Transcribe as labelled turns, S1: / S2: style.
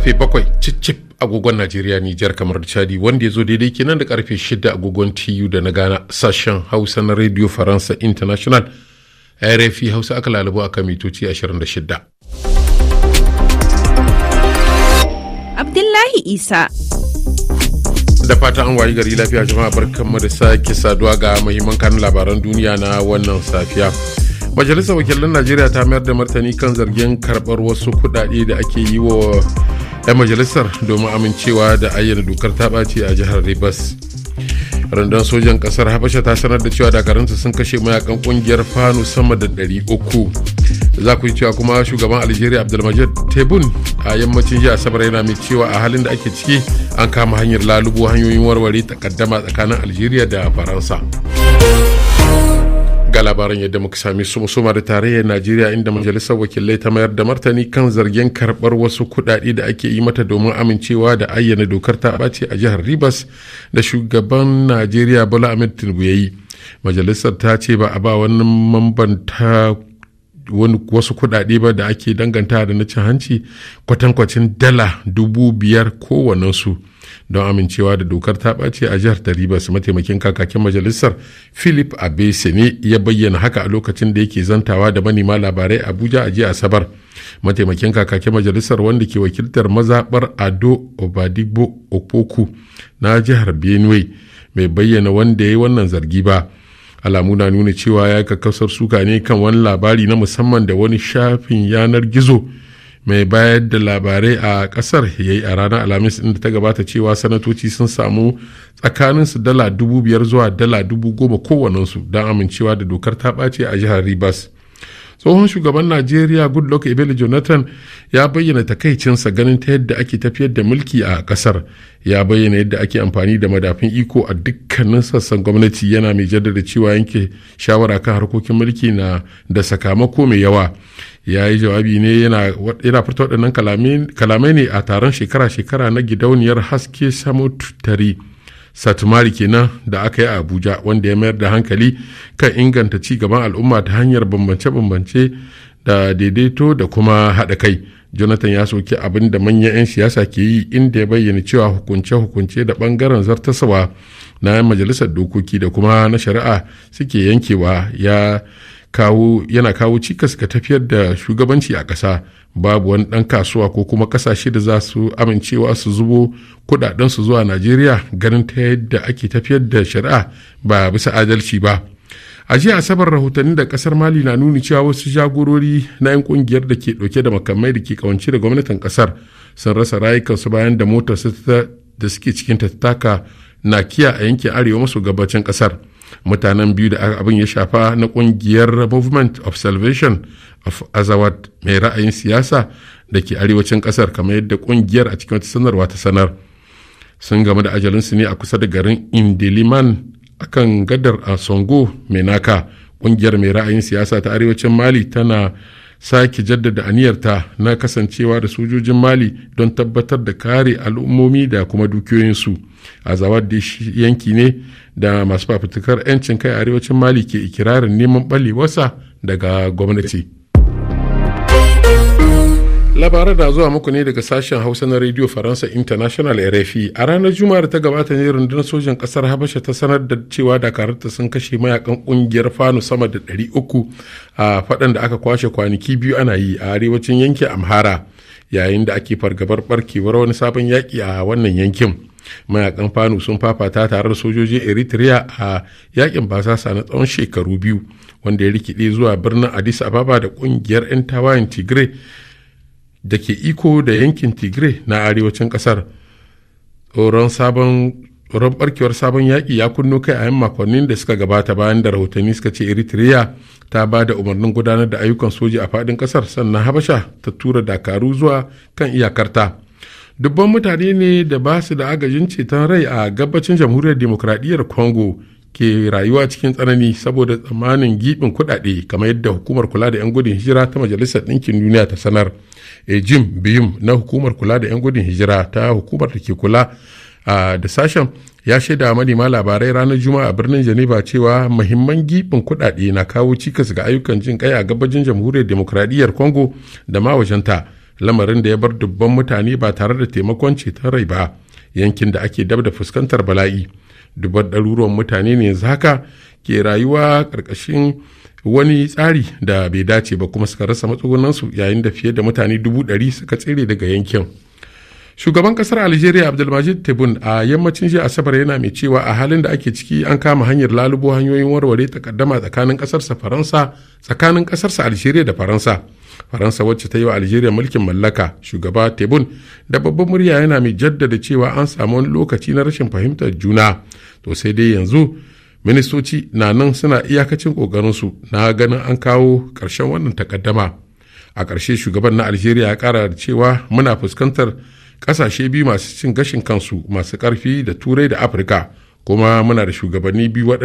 S1: karfe bakwai cicip agogon Najeriya Nijar kamar Chadi wanda ya zo daidai kenan da karfe 6 agogon TU da na Ghana sashen Hausa na Radio Faransa International RFI Hausa aka lalubo kan mitoci shida. Abdullahi Isa da fata an wayi gari lafiya jama'a barkanmu da sake saduwa ga muhimman kan labaran duniya na wannan safiya. majalisar wakilan najeriya ta mayar da martani kan zargin karbar wasu kudade da ake yi wa 'yan majalisar domin amincewa da ayyana dokar ta ɓaci a jihar ribas rundun sojan kasar habasha ta sanar da cewa dakarunsa sun kashe mayakan kungiyar fano sama da 300 za ku yi cewa kuma shugaban algeria abdulmajid tebun a yammacin jiya asabar yana mai cewa a halin da ake ciki an kama hanyar lalubo hanyoyin warware takaddama tsakanin algeria da faransa ga labaran yadda muka sami su musoma da tarayyar najeriya inda majalisar wakilai ta mayar da martani kan zargin karbar wasu kuɗaɗe da ake yi mata domin amincewa da ayyana dokar ta ɓace a jihar ribas da shugaban najeriya bola ahmed tinubu ya majalisar ta ce ba a ba wani mamban ta wasu kuɗaɗe ba da ake danganta da na cin hanci kwatankwacin dala dubu biyar su. don amincewa da dokar ta ɓace a jihar ta ribas mataimakin kakakin majalisar philip abese ne ya bayyana haka a lokacin da yake zantawa da manema labarai abuja a jiya asabar mataimakin kakakin majalisar wanda ke wakiltar mazaɓar ado obadigbo opoku na jihar benue mai bayyana wanda ya yi wannan zargi ba alamu na nuna cewa ya kasar suka ne kan wani labari na musamman da wani shafin yanar gizo mai bayar da labarai a kasar ya yi a ranar alhamis inda ta gabata cewa sanatoci sun samu tsakaninsu dala dubu biyar zuwa dala dubu goma su don amincewa da dokar ta ɓace a jihar ribas tsohon shugaban najeriya goodluck ebele jonathan ya bayyana takaicinsa ganin ta yadda ake tafiyar da mulki a kasar ya bayyana yadda ake amfani da madafin iko a dukkanin sassan gwamnati yana mai jaddada cewa yanke shawara kan harkokin mulki na da sakamako mai yawa ya yi jawabi ne yana furta waɗannan kalamai ne a taron shekara-shekara na gidauniyar haske samutari satmari kenan da aka yi a abuja wanda ya mayar da hankali kan inganta ci gaban al'umma ta hanyar bambance-bambance da daidaito da kuma haɗa kai jonathan ya soki abin da manyan 'yan siyasa ke yi inda ya bayyana cewa hukunce-hukunce da ɓangaren zartasawa na majalisar dokoki da kuma na shari'a suke yankewa ya kawo yana kawo cikas ga tafiyar da shugabanci a ƙasa babu wani ɗan kasuwa ko kuma ƙasashe da za su amincewa su zubo kuɗaɗensu zuwa najeriya ganin ta yadda ake tafiyar da shari'a ba bisa adalci ba a jiya asabar rahotanni da kasar mali na nuni cewa wasu jagorori na 'yan kungiyar da ke ɗauke da makamai da ke kawance da gwamnatin kasar sun rasa rayukansu bayan da motar da suke cikin tattaka na kiya a yankin arewa maso gabacin kasar mutanen biyu da abin ya shafa na kungiyar movement of salvation of azawad mai ra'ayin siyasa da ke arewacin kasar kamar yadda kungiyar a cikin wata sanarwa ta sanar sun game da ajalinsu ne a kusa da garin indiliman akan gadar a songo mai naka kungiyar mai ra'ayin siyasa ta arewacin mali tana sake jaddada aniyarta na kasancewa da sojojin mali don tabbatar da kare al'ummomi da kuma dukiyoyinsu a zawar da yanki ne da masu fafutukar 'yancin kai arewacin mali ke ikirarin neman ɓallewarsa daga gwamnati labaran da zuwa muku ne daga sashen hausa na radio faransa international rfi a ranar juma'ar ta gabata ne rundunar sojin kasar habasha ta sanar da cewa dakararta sun kashe mayakan kungiyar fano sama da 300 a fadan da aka kwashe kwanaki biyu ana yi a arewacin yankin amhara yayin da ake fargabar barkewar wani sabon yaƙi a wannan yankin mayakan fano sun fafata tare da sojojin eritrea a yakin basasa na tsawon shekaru biyu wanda ya rikide zuwa birnin addis ababa da kungiyar 'yan tawayen tigray da ke iko da yankin tigray na arewacin kasar tsoron sabon tsoron barkewar sabon yaƙi ya kunno kai a yan makonnin da suka gabata bayan da rahotanni suka ce eritrea ta ba da umarnin gudanar da ayyukan soji a fadin ƙasar sannan habasha ta tura dakaru zuwa kan iyakarta dubban mutane ne da ba su da agajin ceton rai a gabacin jamhuriyar demokradiyyar congo ke rayuwa cikin tsanani saboda tsammanin gibin kuɗaɗe kamar yadda hukumar kula da 'yan gudun hijira ta majalisar ɗinkin duniya ta sanar e jim biyum na hukumar kula da 'yan gudun hijira ta hukumar da ke kula da sashen ya shaida manema labarai ranar juma'a a birnin geneva cewa mahimman gibin kuɗaɗe na kawo cikas ga ayyukan jin kai a gabajin jamhuriyar demokradiyyar congo da ma wajenta lamarin da ya bar dubban mutane ba tare da taimakon ceton rai ba yankin da ake dab da fuskantar bala'i dubar ɗaruruwan mutane ne yanzu haka ke rayuwa ƙarƙashin wani tsari da bai dace ba kuma suka rasa matsugunansu yayin da fiye da mutane dubu ɗari suka tsere daga yankin. shugaban kasar algeria abdulmajid tebun a yammacin jiya asabar yana mai cewa a halin da ake ciki an kama hanyar lalubo hanyoyin warware takaddama tsakanin kasarsa faransa tsakanin kasarsa algeria da faransa faransa wacce ta yi wa algeria mulkin mallaka shugaba tebun da babban murya yana mai jaddada cewa an samu wani lokaci na rashin fahimtar juna to sai dai yanzu ministoci na nan suna iyakacin su na ganin an kawo ƙarshen wannan takaddama a karshe shugaban na algeria ya ƙara da cewa muna fuskantar kasashe biyu masu cin gashin kansu masu karfi da turai da afirka kuma muna da shugabanni biyu